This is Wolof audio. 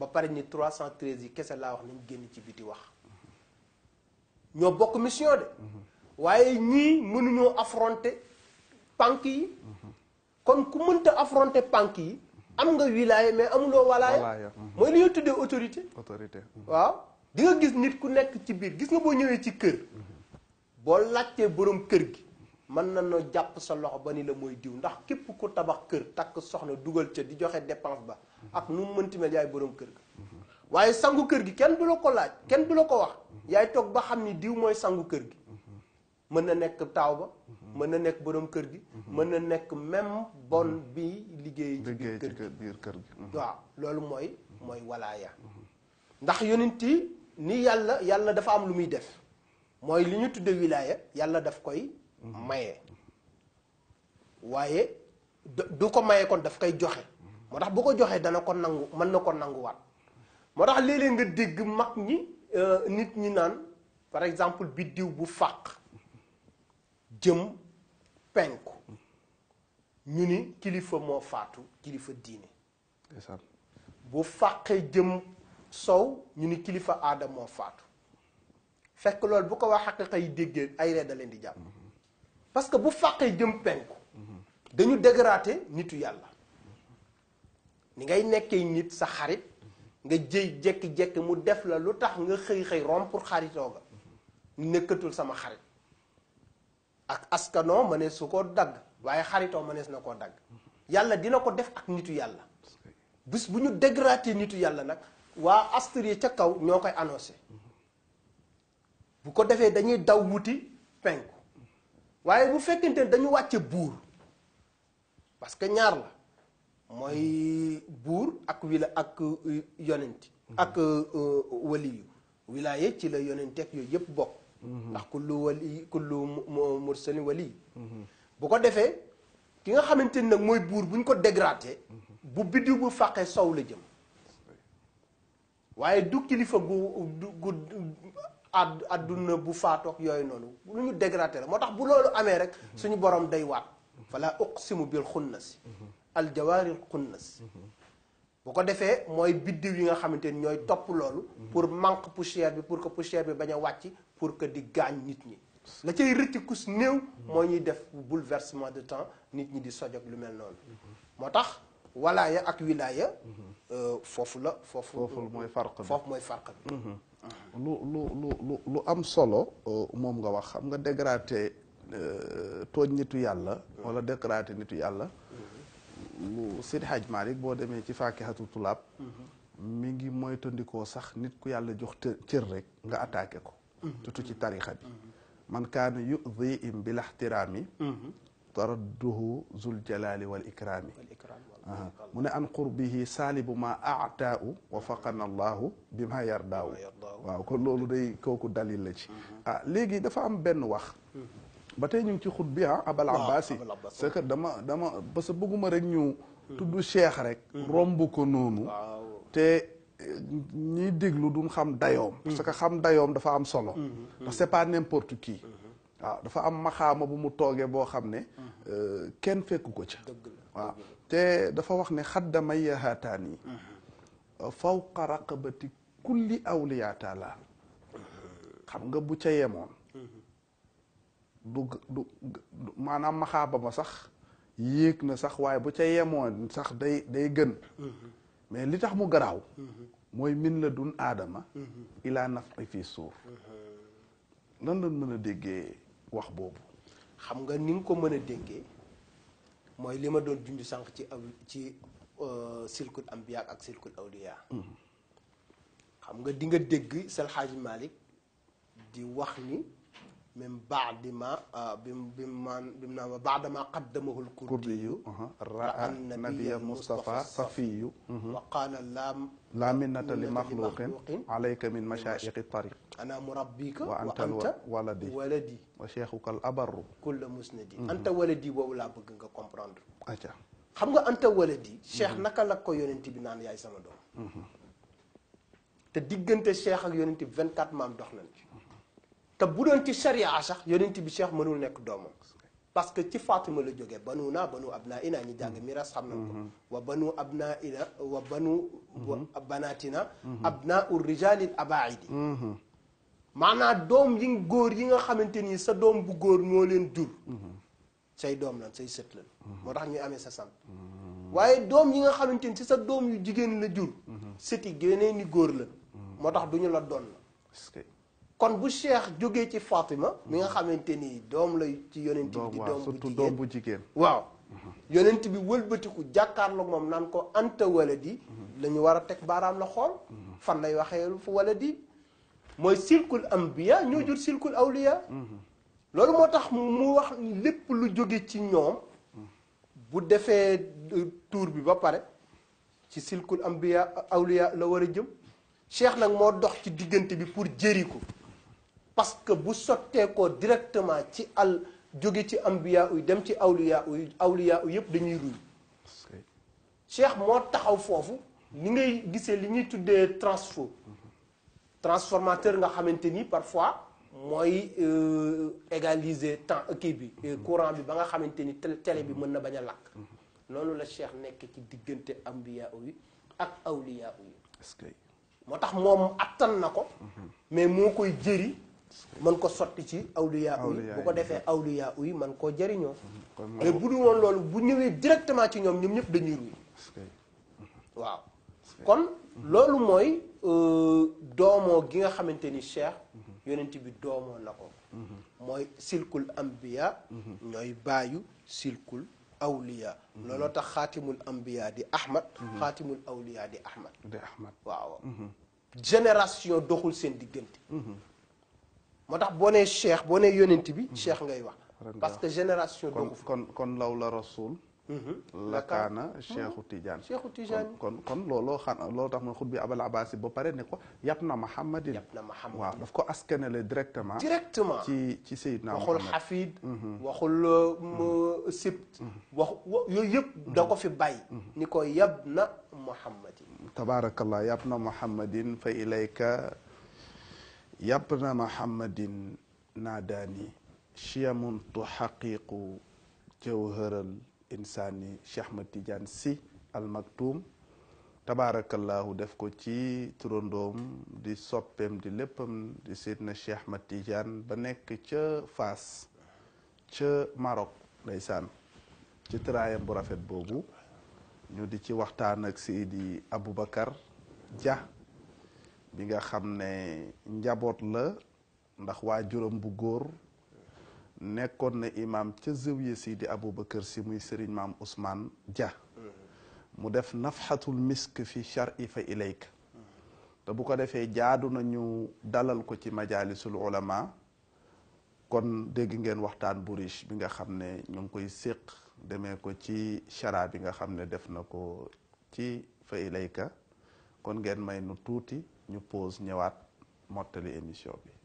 ba pare ni 313 yi kese laa wax nañ génn ci biti wax ñoo bokk mission de waaye ñii mënuñoo affronter pank yi kon ku mënta affronter pank yi am nga wilaya mais amuloo walaaya mhm. mooy li ñuy tuddee autorité autorité mhm. waaw di nga gis nit ku nekk ci biir gis nga boo ñëwee ci kër boo laajtee borom kër gi mën na noo jàpp sa loxo ba ni la mooy diw ndax képp ko tabax kër takk soxna dugal ca di joxe dépense ba ak nu mu mënti mel yaay boroom kër ga waaye sangu kër gi kenn du la ko laaj kenn du la ko wax yaay toog ba xam ni diw mooy sangu kër gi mën na nekk taaw ba mën na nekk boroom kër gi mën na nekk même bon bi liggéey ci biir kër gi waaw loolu mooy mooy walaaya ndax yonent yi ni yàlla yàlla dafa am lu muy def mooy li ñu tudde wilaaya yàlla daf koy maye waaye du ko maye kon daf koy joxe moo tax bu ko joxee dana ko nangu mën na ko nanguwaat moo tax léeg-léeg nga dégg mag ñi euh, nit ñi naan par exemple biddiw bu fàq jëm penku ñu ni kilifa moo faatu kilifa diine bu fàqee jëm sow ñu ni kilifa aada moo faatu fekk loolu bu ko wax xaqiqa yi déggee ay ree da leen di jàpp parce que bu fàqee jëm penku dañu dégrader nitu yàlla ni ngay nekkee nit sa xarit nga jëy jekki-jekki mu def la lu tax nga xëy-xëy rompre xaritoo ga nekkatul sama xarit ak askano mënees su ko dagg waaye xaritoo mënees na koo dagg yàlla dina ko def ak nitu yàlla bis bu ñu dégrader nitu yàlla nag waa astrie ca kaw ñoo koy annoncé bu ko defee dañuy daw wuti penku waaye bu fekkente ne dañu wàcce buur parce que ñaar la mooy buur ak wila ak euh, yonent ak euh, waliyu wilaaye ci la yonent ak yooyu yëpp bokk mhm. ndax kullu wali kullu mursalin wali mhm. bu ko defee ki nga xamante ni nag mooy buur bu ñu ko dégradé mhm. bu biddiw bu fàqee sow la jëm waaye du kilifa gu gu ad adduna bu faatoog yooyu noonu lu ñu dégradé la moo tax bu loolu amee rek suñu borom day waat fala uqsimu bil xunnasi al jawaaril xunnasi bu ko defee mooy biddiw yi nga xamante ni ñooy topp loolu pour manque poussière bi pour que poussière bi bañ a wàcc pour que di gaañ nit ñi la cay rëcc kus néew moo ñuy def bouleversement de temps nit ñi di sojog lu mel noonu moo tax walaaya ak wilaaya euh, foofu la foofu mooy mooy farq bi lu lu lu lu am solo euh, moom nga wax xam nga dégraté euh, tooñ nitu yàlla wala dégraté nitu yàlla lu Seydi Hadj Malick boo demee ci faakihatu tulaab mi ngi moytandikoo sax nit ku yàlla jox cër rek nga attaqué ko surtout ci tarixa bi man kaana yudiim bilaxtiraami mhm. taradduhu zul jalaali wal ikraami mu ne an qurbihi saalibu ma aataau wa faqana bi ma yardaawu waaw kon loolu day kooku dalil la ci mhm. ah, léegi dafa am benn wax mhm. ba tey ñu ngi ci xut bi ah abal abbas yi c'est que dama dama parce bëgguma rek ñu mhm. tudd cheikh rek romb ko noonu te eh, ñiy déglu duñ xam dayoom parce que xam dayoom dafa am solo parce que waaw dafa am maxaama bu mu toogee boo xam ne Euh, kenn fekku ko ca waaw te dafa wax ne xaddamayya haataani uh, fawqa raqabati kulli awliya taala xam nga bu ca yemoon du du maanaam maxaaba ma sax yéeg na sax waaye bu ca yemoon sax day day gën mais li tax mu garaaw mooy min la dun aadama ilaa naf i fii suuf lan lan mën a déggee wax boobu xam nga ni nga ko mën a mooy li ma doon junj sànq ci aw ci euh, silkul ambiya ak silkul awliya mm-hmm. xam nga di nga dégg Sal Malik di wax ni من بعد ما آه، بما بعد ما قدمه الكردي رأى النبي المصطفى صفي وقال لا لا منة لمخلوق عليك من مشائق الطريق أنا مربيك وأنت, وأنت ولدي ولدي وشيخك الأبر كل مسندي أنت ولدي ولا بغنك كومبراندر أجا خمغا انت ولدي شيخ نكا naka la ko yonent bi naan yaay sama doom 24 مام dox nañ te bu doon ci sharia sax yonent bi cheikh mënul nekk doomam parce que ci Fatima la jógee banu naa banu ab naa inaa ñi jàng miras xam nañ ko wa banu ab naa ina wa banu banaatina ab naa ur rijalil abaidi maanaam doom yi góor yi nga xamante ni sa doom bu góor moo leen jur say doom lan say sët lan moo tax ñuy amee sa sant waaye doom yi nga xamante ni si sa doom yu jigéen la jur sëti génee ni góor lan moo tax du ñu la doon la kon bu Cheikh jógee ci Fatima. mi nga mhm. xamante ni doom la ci yonent bi. doom bu jigéen waaw. Mhm. yonent bi wëlbatiku jàkkaarloog moom naan ko anta waladi. di mhm. lañu war a teg baaraam la xool. fan lay waxee fu walla di mooy silkul ambiya ñoo jur silkul awliya. loolu moo tax mu wax lépp lu jóge ci ñoom. bu defee euh, tour bi ba pare ci silkul ambiya awliya la war a jëm. Cheikh nag moo dox ci diggante bi pour jëri ko. parce que bu sotteekoo directement ci al jóge ci am ambiya uy dem ci awliya uy awliya uy yëpp dañuy ruy cheikh moo taxaw foofu li ngay gisee li ñuy tuddee transfo transformateur nga xamante ni parfois mooy euh, égaliser temps euh, kii bi euh, courant bi ba nga xamante ni télé bi mën na bañ a làkk loolu la cheikh nekk ci diggante ambiya uy ak awliya uy moo tax moom attan na ko mhm. mais moo koy jëri man ko sotti ci awliyaa uy bu ko defee awliyaa uy man koo jëriñoo mais bu dul woon loolu bu ñëwee directement ci ñoom ñoom ñëpp dañuy ruy waaw kon mhm. loolu mooy euh, doomoo gi nga xamante ni cheikh mhm. yonent bi doomoo na ko mhm. mooy silkul ambiya ñooy baayu silkul awliya looloo tax xaatimul ambiya di ahmad xaatimul awliya di ahmad di ahmad waaw génération doxul seen diggante motax boné cheikh boné yonenti bi cheikh ngay wax parce que génération donc kon kon law la rasoul la kana cheikhou tidiane cheikhou tidiane kon kon lolo xam loolu tax ma khutbi abul abbas bo pare ne ko yab na mahamadin mohammed wa daf ko askanale directement directement ci ci sayidna waxul xafid waxul sibt wax yooyu yëpp da ko fi bay ni ko yab na tabarakallah yab mohammedin fa ilayka yàpp na muhammadin naadaani chiamun tuhaqiqu jawharal insaani Cheikh Ahmad Tidiane Sy Al Maktoum tabaarakallaahu def ko ci turandoom di soppeem di léppam di seydna Cheikh Ahmad ba nekk ca Faas ca marok ndeysaan ci tëraayam bu rafet boobu ñu di ci waxtaan ak Seydi Aboubacar Dia bi nga xam ne njaboot la ndax waa waajuram bu góor nekkoon na imam ca zawiya Sidi Aboubacar si muy Serigne maam Ousmane Dia mu def nafxatul misk fi shar'i fa ilayka te bu ko defee jaadu nañu dalal ko ci majalisul ulama kon dégg ngeen waxtaan bu riche bi nga xam ne ñu ngi koy séq demee ko ci chara bi nga xam ne def na ko ci fa ilayka kon ngeen may nu tuuti ñu pause ñëwaat mottali émission bi